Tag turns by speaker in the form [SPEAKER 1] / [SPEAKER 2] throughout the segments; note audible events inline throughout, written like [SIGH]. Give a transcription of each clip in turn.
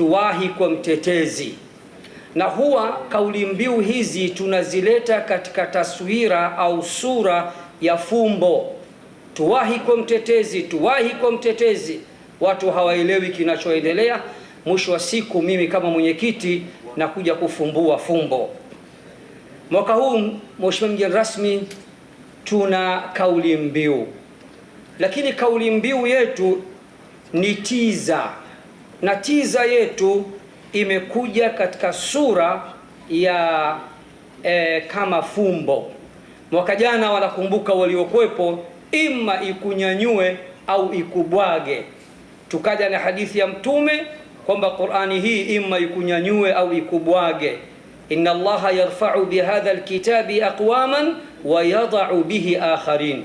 [SPEAKER 1] tuwahi kwa mtetezi. Na huwa kauli mbiu hizi tunazileta katika taswira au sura ya fumbo. Tuwahi kwa mtetezi, tuwahi kwa mtetezi. Watu hawaelewi kinachoendelea. Mwisho wa siku, mimi kama mwenyekiti nakuja kufumbua fumbo. Mwaka huu, Mheshimiwa mgeni rasmi, tuna kauli mbiu, lakini kauli mbiu yetu ni tiza na tiza yetu imekuja katika sura ya e, kama fumbo. Mwaka jana wanakumbuka waliokuwepo, ima ikunyanyue au ikubwage. Tukaja na hadithi ya Mtume kwamba Qur'ani hii ima ikunyanyue au ikubwage, inna Allaha yarfa'u bihadha alkitabi aqwaman wa yada'u bihi akharin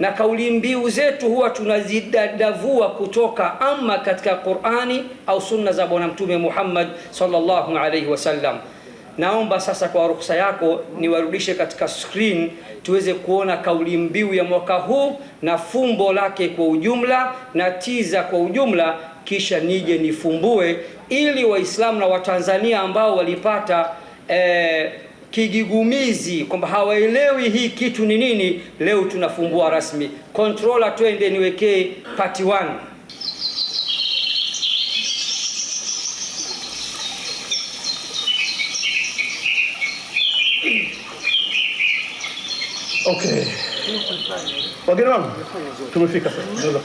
[SPEAKER 1] na kauli mbiu zetu huwa tunazidadavua kutoka ama katika Qur'ani au sunna za Bwana Mtume Muhammad sallallahu alaihi wasallam. Naomba sasa kwa ruksa yako niwarudishe katika screen tuweze kuona kauli mbiu ya mwaka huu na fumbo lake kwa ujumla na tiza kwa ujumla, kisha nije nifumbue ili Waislamu na Watanzania ambao walipata eh, kigugumizi kwamba hawaelewi hii kitu ni nini. Leo tunafungua rasmi. Controller, twende niwekee part 1.
[SPEAKER 2] Okay. Wageni wangu tumefika sasa.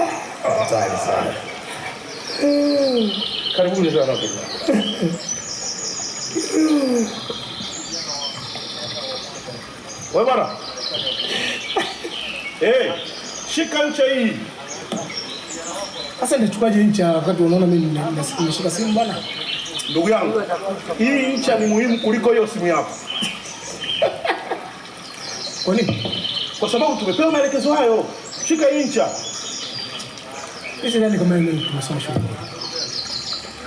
[SPEAKER 2] [LAUGHS] hatari sana. Karibuni sana wewe bwana. Eh, shika ncha hii.
[SPEAKER 3] Sasa nichukaje ncha wakati unaona mimi nimeshika simu bwana?
[SPEAKER 2] Ndugu yangu, hii ncha ni muhimu kuliko hiyo simu yako. Kwa nini? Kwa sababu tumepewa maelekezo hayo. Shika hii ncha.
[SPEAKER 3] Sidhani kama mimi tumesoma shule.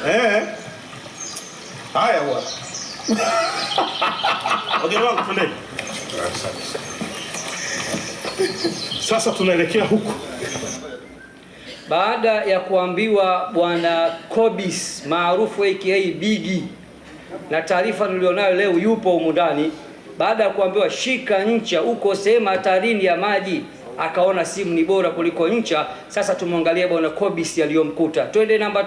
[SPEAKER 2] Eh. Haya bwana. Okay, wangu fundeni. Sasa tunaelekea huko.
[SPEAKER 1] Baada ya kuambiwa bwana kobis maarufu aka Bigi na taarifa nilionayo leo yupo humu ndani, baada ya kuambiwa shika ncha, uko sehemu hatarini ya maji akaona simu ni bora kuliko ncha. Sasa tumwangalie bwana Kobisi aliyomkuta, twende namba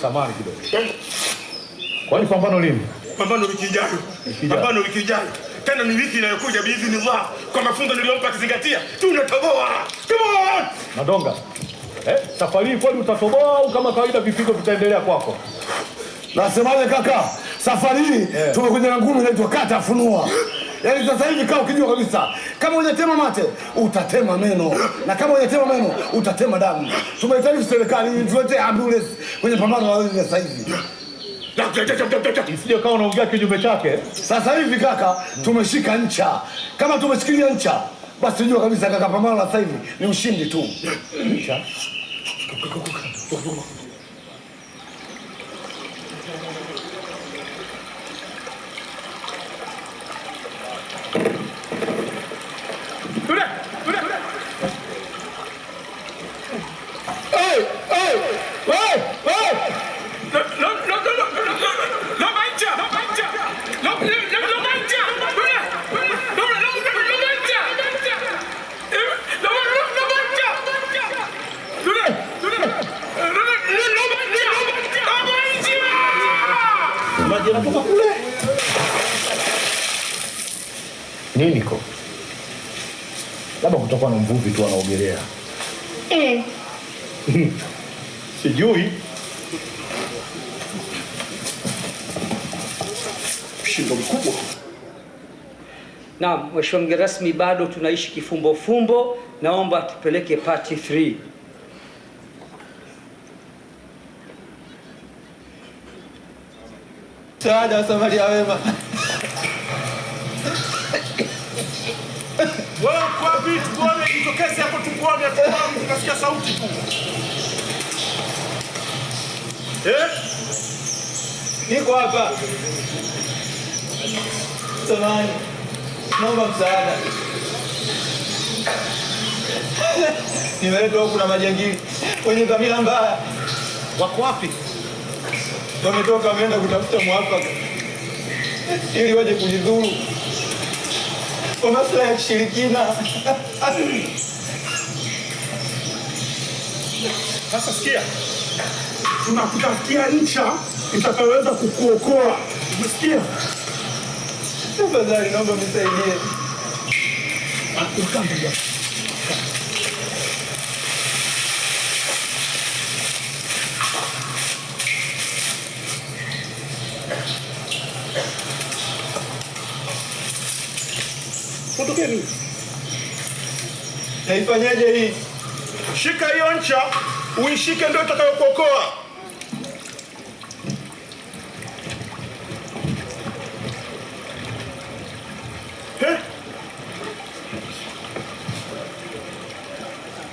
[SPEAKER 2] samani kidogo. Eh? Kwani pambano lini?
[SPEAKER 4] Pambano wiki ijayo. Pambano wiki ijayo. Tena ni wiki inayokuja biidhnillah. Kwa mafunzo niliyompa kizingatia tunatoboa. Come on!
[SPEAKER 2] Madonga. Eh, safari hii kweli utatoboa au kama kawaida vipigo vitaendelea kwako?
[SPEAKER 4] Nasemaje kaka? Safari hii eh. tumekuja na ngumu inaitwa kata funua. Yaani sasa hivi kaa ukijua kabisa kama hujatema mate utatema meno, na kama hujatema meno utatema damu. Tumehitaji serikali tuletee ambulance kwenye pambano la sasa hivi.
[SPEAKER 2] Sije kama unaongea kinyume chake.
[SPEAKER 4] Sasa hivi kaka, tumeshika ncha. Kama tumeshikilia ncha, basi jua kabisa kaka, pambano la sasa hivi ni ushindi tu.
[SPEAKER 2] nini ko labda kutokuwa na mvuvi tu anaogelea
[SPEAKER 5] eh. [LAUGHS]
[SPEAKER 2] sijui mshindo mkubwa.
[SPEAKER 1] Naam, mheshimiwa mgeni rasmi, bado tunaishi kifumbo fumbo, naomba tupeleke party 3.
[SPEAKER 6] Msaada wa Samaria wema.
[SPEAKER 2] Jitokeze hapo tukuone, hapo tukuone, tunasikia sauti tu eh?
[SPEAKER 6] Niko hapa Tamani. naomba msaada, [LAUGHS] nimeletwa huku na majangili wenye dhamira mbaya. Wako wapi? Wametoka wameenda kutafuta mwafaka ili waje kujidhuru. O Mas ومثلك شركينا
[SPEAKER 2] Faça O Tunakutafutia ncha itakayoweza kukuokoa. Umesikia?
[SPEAKER 6] Tafadhali naomba msaidie.
[SPEAKER 2] Wakati yenu.
[SPEAKER 6] Naifanyaje hii?
[SPEAKER 2] Shika hiyo ncha, uishike ndio itakayokuokoa.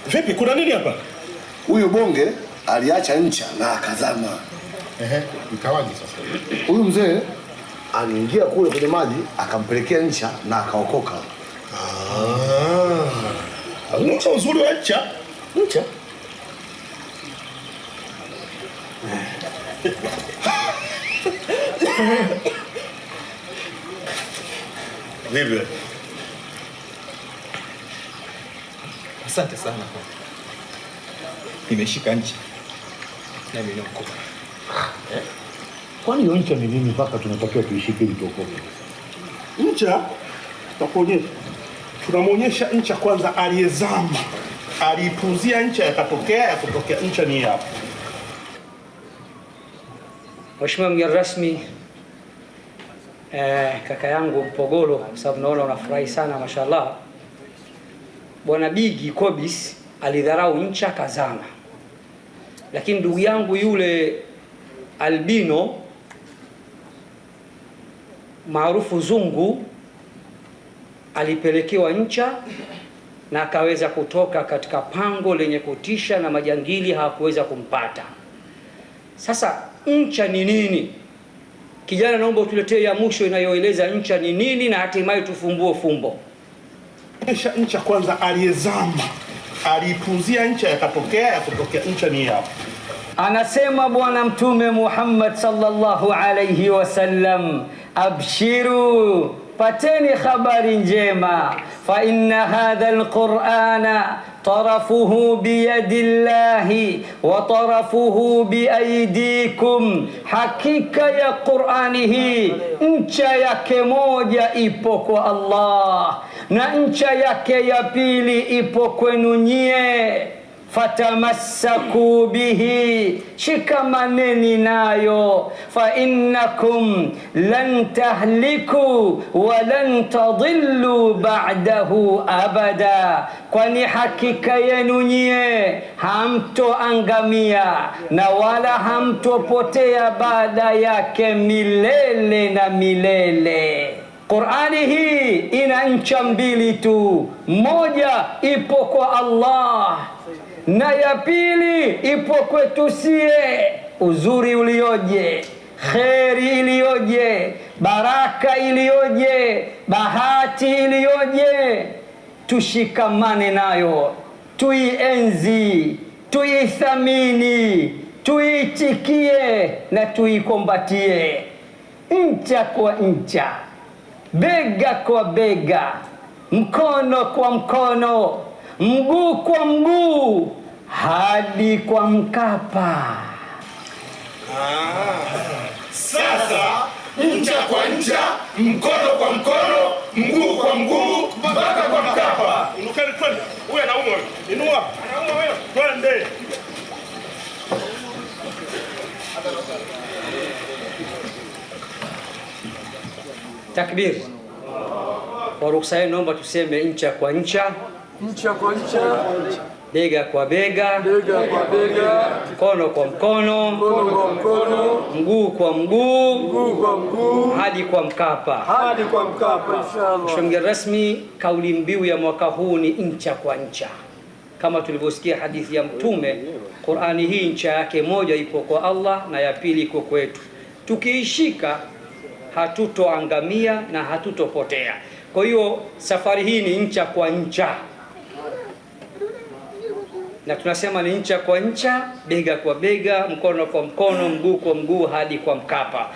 [SPEAKER 2] Vipi, kuna nini hapa?
[SPEAKER 4] Huyu bonge aliacha ncha na akazama.
[SPEAKER 2] Ehe, ikawaje sasa?
[SPEAKER 4] Huyu mzee aliingia kule kwenye maji akampelekea ncha na akaokoka.
[SPEAKER 2] Ah. Unaona uzuri wa ncha ncha [LAUGHS] Vipi?
[SPEAKER 7] Asante sana. Nimeshika ncha Nami niokoka.
[SPEAKER 2] Eh? Kwani hiyo ncha ni nini mpaka tunatakiwa tuishike ili tuokoke? Ncha? Tutakuonyesha tunamwonyesha ncha kwanza, aliyezama aliipuzia ncha, yakatokea yakatokea. Ncha ni hapa.
[SPEAKER 1] Mheshimiwa mgeni rasmi, eh, kaka yangu Mpogolo, kwa sababu naona unafurahi sana, mashallah. Bwana Bigi kobis alidharau ncha kazama, lakini ndugu yangu yule albino maarufu zungu alipelekewa ncha na akaweza kutoka katika pango lenye kutisha na majangili hawakuweza kumpata. Sasa ncha ni nini? Kijana, naomba utuletee ya mwisho inayoeleza ncha ni nini na hatimaye tufumbue fumbo.
[SPEAKER 2] ncha. ncha kwanza, aliyezama alipuzia ncha, yakatokea yakutokea. Ncha ni yapo.
[SPEAKER 1] Anasema Bwana Mtume Muhammad sallallahu alayhi wasallam, abshiru pateni habari njema, fa inna hadha alqur'ana tarafuhu biyadi llahi wa tarafuhu biaidikum, hakika ya Qur'ani hii ncha yake moja ipo kwa Allah na ncha yake ya pili ipo kwenu nyie fatamassaku bihi, shikamaneni nayo, fa innakum lan tahliku wa lan tadillu ba'dahu abada, kwani hakika yenu nyie hamtoangamia na wala hamtopotea baada yake milele na milele. Qur'ani hii ina ncha mbili tu, moja ipo kwa Allah na ya pili ipo kwetu sie. Uzuri ulioje, kheri iliyoje, baraka iliyoje, bahati iliyoje! Tushikamane nayo, tuienzi, tuithamini, tuitikie na tuikombatie, ncha kwa ncha, bega kwa bega, mkono kwa mkono mguu kwa mguu hadi kwa Mkapa.
[SPEAKER 2] Ah, sasa ncha kwa ncha, mkono kwa mkono, mguu kwa mguu mpaka kwa Mkapa.
[SPEAKER 1] Takbir. Kwa ruksa yenu, naomba tuseme ncha kwa ncha
[SPEAKER 8] ncha kwa ncha,
[SPEAKER 1] bega kwa bega,
[SPEAKER 8] bega kwa bega,
[SPEAKER 1] mkono kwa mkono,
[SPEAKER 8] mkono kwa mkono,
[SPEAKER 1] mguu kwa mguu,
[SPEAKER 8] mguu kwa mguu,
[SPEAKER 1] hadi kwa Mkapa,
[SPEAKER 8] hadi kwa Mkapa inshallah.
[SPEAKER 1] Mheshimiwa mgeni rasmi, kauli mbiu ya mwaka huu ni ncha kwa ncha kama tulivyosikia hadithi ya Mtume, Qur'ani hii ncha yake moja ipo kwa Allah na ya pili iko kwetu. Tukiishika hatutoangamia na hatutopotea. Kwa hiyo safari hii ni ncha kwa ncha na tunasema ni ncha kwa ncha, bega kwa bega, mkono kwa mkono, mguu kwa mguu hadi kwa Mkapa.